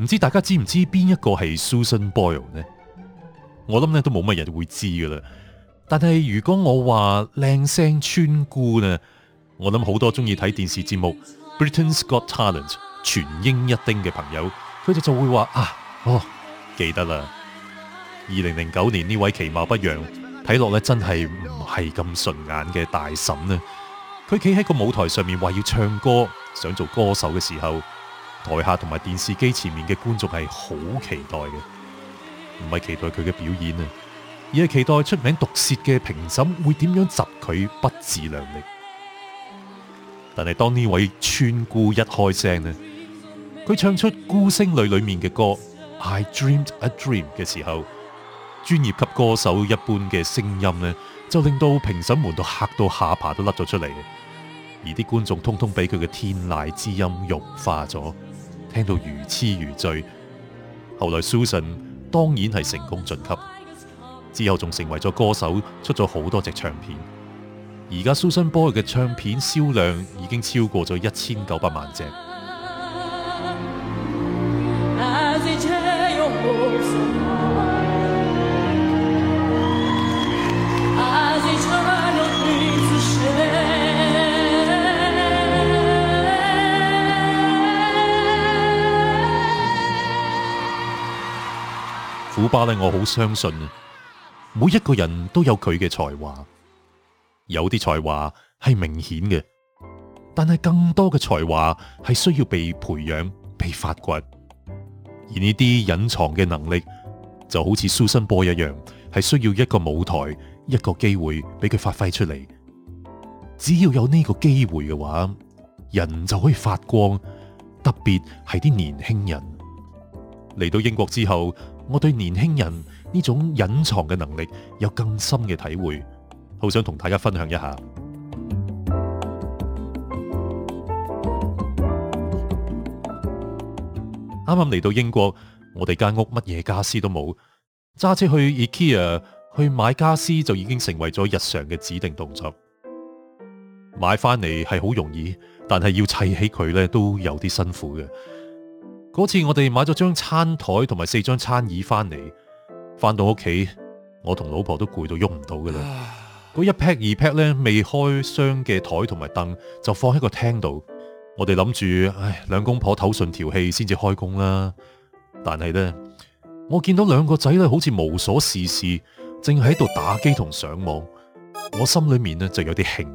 唔知大家知唔知邊一個係 Susan Boyle 呢？我諗呢都冇乜人會知噶啦。但係如果我話靚聲村姑呢？我諗好多中意睇電視節目《Britain's Got Talent》全英一丁嘅朋友，佢哋就會話啊哦，記得啦！二零零九年呢位其貌不揚、睇落咧真係唔係咁順眼嘅大嬸呢，佢企喺個舞台上面話要唱歌、想做歌手嘅時候，台下同埋電視機前面嘅觀眾係好期待嘅，唔係期待佢嘅表演啊，而係期待出名毒舌嘅評審會點樣集佢不自量力。但係當呢位村姑一開聲呢，佢唱出《孤星淚》裏面嘅歌《I Dreamed A Dream》嘅時候，專業級歌手一般嘅聲音呢，就令到評審們都嚇到下巴都甩咗出嚟，而啲觀眾通通俾佢嘅天籟之音融化咗。聽到如痴如醉，後來 Susan 當然係成功晉級，之後仲成為咗歌手，出咗好多隻唱片。而家 Susan Boyle 嘅唱片銷量已經超過咗一千九百萬隻。巴咧，我好相信每一個人都有佢嘅才華，有啲才華係明顯嘅，但係更多嘅才華係需要被培養、被發掘。而呢啲隱藏嘅能力就好似蘇新波一樣，係需要一個舞台、一個機會俾佢發揮出嚟。只要有呢個機會嘅話，人就可以發光，特別係啲年輕人。嚟到英國之後，我對年輕人呢種隱藏嘅能力有更深嘅體會，好想同大家分享一下。啱啱嚟到英國，我哋間屋乜嘢家私都冇，揸車去 IKEA 去買家私就已經成為咗日常嘅指定動作。買翻嚟係好容易，但係要砌起佢咧都有啲辛苦嘅。嗰次我哋買咗張餐台同埋四張餐椅翻嚟，翻到屋企，我同老婆都攰到喐唔到嘅啦。嗰唉一劈二劈 a 咧未開箱嘅台同埋凳就放喺個廳度。我哋諗住，唉，兩公婆唞順條氣先至開工啦。但係咧，我見到兩個仔咧好似無所事事，正喺度打機同上網，我心裏面呢，就有啲興，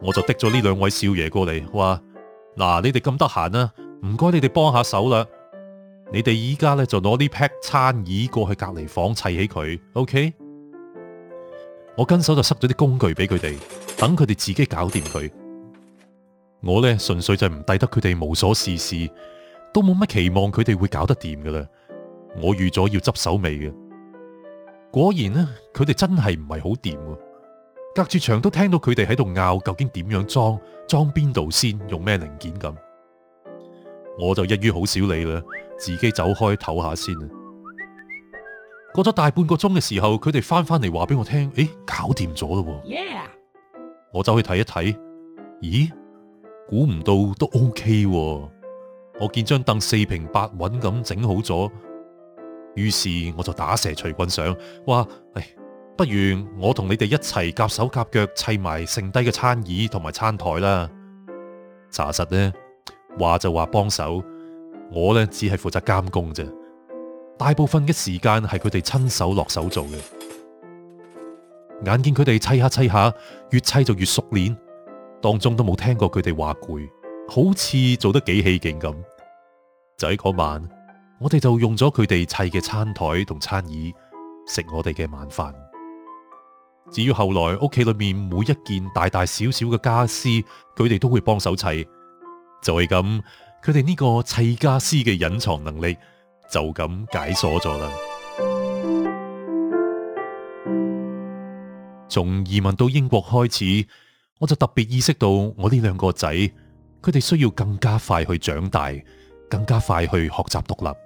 我就滴咗呢兩位少爺過嚟，話，嗱，你哋咁得閒啊！唔該，你哋幫下手啦！你哋依家咧就攞啲 pack 餐椅過去隔離房砌起佢，OK？我跟手就塞咗啲工具俾佢哋，等佢哋自己搞掂佢。我咧純粹就唔抵得佢哋無所事事，都冇乜期望佢哋會搞得掂噶啦。我預咗要執手尾嘅，果然呢，佢哋真係唔係好掂。隔住牆都聽到佢哋喺度拗，究竟點樣裝？裝邊度先？用咩零件咁？我就一於好少理啦，自己走開唞下先啊！過咗大半個鐘嘅時候，佢哋翻返嚟話俾我聽，誒，搞掂咗咯喎！Yeah! 我走去睇一睇，咦？估唔到都 OK 喎！我見張凳四平八穩咁整好咗，於是我就打蛇隨棍上，話：，唉，不如我同你哋一齊夾手夾腳砌埋剩低嘅餐椅同埋餐台啦！查實咧。話就話幫手，我咧只係負責監工啫。大部分嘅時間係佢哋親手落手做嘅。眼見佢哋砌下砌下，越砌就越熟練，當中都冇聽過佢哋話攰，好似做得幾起勁咁。就喺嗰晚，我哋就用咗佢哋砌嘅餐台同餐椅，食我哋嘅晚飯。至於後來屋企裏面每一件大大小小嘅家私，佢哋都會幫手砌。就係咁，佢哋呢個砌家私嘅隱藏能力就咁解鎖咗啦。從移民到英國開始，我就特別意識到我呢兩個仔佢哋需要更加快去長大，更加快去學習獨立。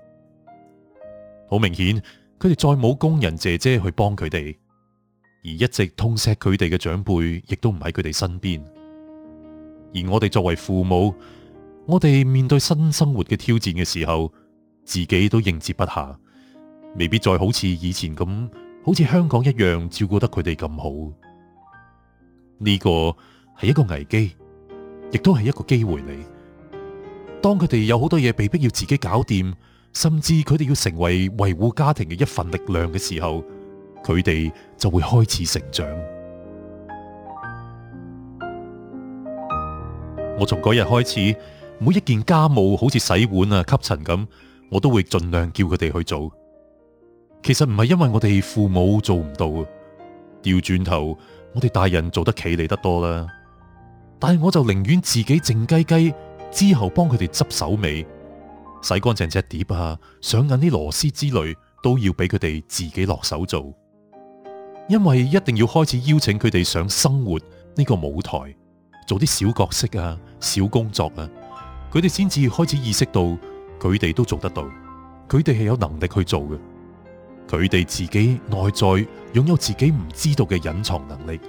好明顯，佢哋再冇工人姐姐去幫佢哋，而一直痛錫佢哋嘅長輩亦都唔喺佢哋身邊，而我哋作為父母。我哋面對新生活嘅挑戰嘅時候，自己都應接不暇，未必再好似以前咁，好似香港一樣照顧得佢哋咁好。呢、呢個係一個危機，亦都係一個機會嚟。當佢哋有好多嘢被迫要自己搞掂，甚至佢哋要成為維護家庭嘅一份力量嘅時候，佢哋就會開始成長。 我從嗰日開始。每一件家務，好似洗碗啊、吸塵咁，我都會盡量叫佢哋去做。其實唔係因為我哋父母做唔到，調轉頭我哋大人做得企理得多啦。但係我就寧願自己靜雞雞，之後幫佢哋執手尾，洗乾淨隻碟啊，上緊啲螺絲之類，都要俾佢哋自己落手做。因為一定要開始邀請佢哋上生活呢個舞台，做啲小角色啊、小工作啊。佢哋先至開始意識到，佢哋都做得到，佢哋係有能力去做嘅，佢哋自己內在擁有自己唔知道嘅隱藏能力，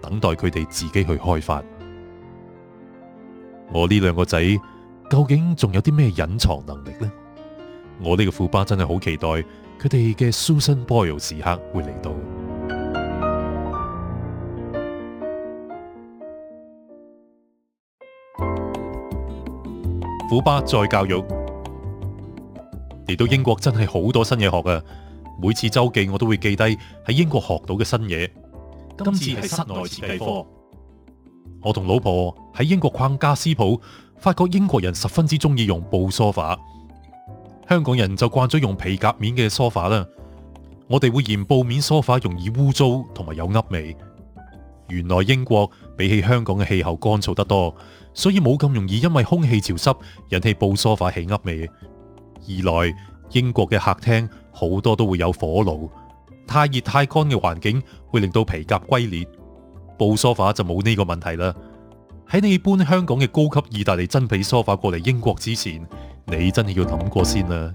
等待佢哋自己去開發。我呢兩個仔究竟仲有啲咩隱藏能力呢？我呢個富爸真係好期待佢哋嘅 Susan Boyle 時刻會嚟到。苦巴再教育，嚟到英國真係好多新嘢學啊！每次周記我都會記低喺英國學到嘅新嘢。今次係室內設計科。我同老婆喺英國逛家私舖，發覺英國人十分之中意用布梳化。香港人就慣咗用皮革面嘅梳化啦。我哋會嫌布面梳化容易污糟同埋有噏味。原來英國比起香港嘅氣候乾燥得多，所以冇咁容易因為空氣潮濕引起布梳化起噏味。二來，英國嘅客廳好多都會有火爐，太熱太乾嘅環境會令到皮革龜裂，布梳化就冇呢個問題啦。喺你搬香港嘅高級意大利真皮梳化過嚟英國之前，你真係要諗過先啦。